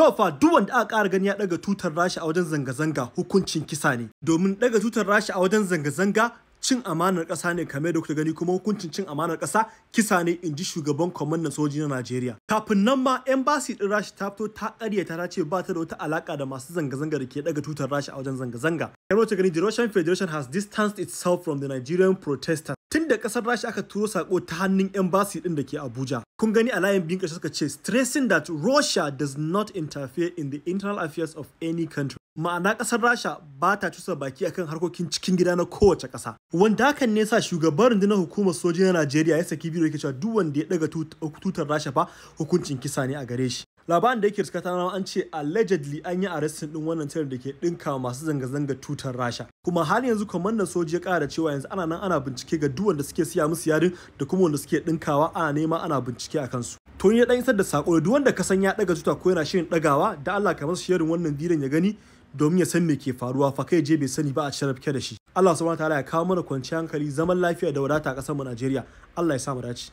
to fa duk wanda aka ƙara gani ya daga tutar rashi a wajen zanga-zanga hukuncin kisa ne domin daga tutar rashi a wajen zanga-zanga cin amanar ƙasa ne kamar da kuka gani kuma hukuncin cin amanar ƙasa kisa ne in ji shugaban kwamandan soji na Najeriya. Kafin nan ma embassy ɗin rashi ta fito ta ƙaryata ta ce ba ta da wata alaƙa da masu zanga-zanga da ke ɗaga tutar rashi a wajen zanga-zanga. Kamar ta gani the Russian Federation has distanced itself from the Nigerian protesters tun da kasar rasha aka turo sako ta hannun yan basi din da ke abuja kun gani a layin biyun ƙarshe suka ce stressing that russia does not interfere in the internal affairs of any country ma'ana kasar rasha ba ta cusa baki akan harkokin cikin gida na kowace ƙasa. wanda hakan ne sa shugaban rundunar hukumar soji na najeriya ya saki biro yake cewa duk wanda ya daga tutar rasha ba hukuncin kisa ne a gare shi labarin da yake riskata na an ce allegedly an yi arrestin din wannan tayar da ke dinka masu zanga-zanga tutar rasha kuma hali yanzu kwamandan soji ya kara cewa yanzu ana nan ana bincike ga duk wanda suke siya musu yarin da kuma wanda suke dinkawa ana nema ana bincike a kansu tun ya dan isar da sako duk wanda ka san ya daga tuta ko yana shirin dagawa da Allah ka masa shirin wannan bidiyon ya gani domin ya san me ke faruwa fa kai je bai sani ba a sharafke da shi Allah subhanahu wataala ya kawo mana kwanciyar hankali zaman lafiya da wadata a kasar mu Najeriya Allah ya sa mu dace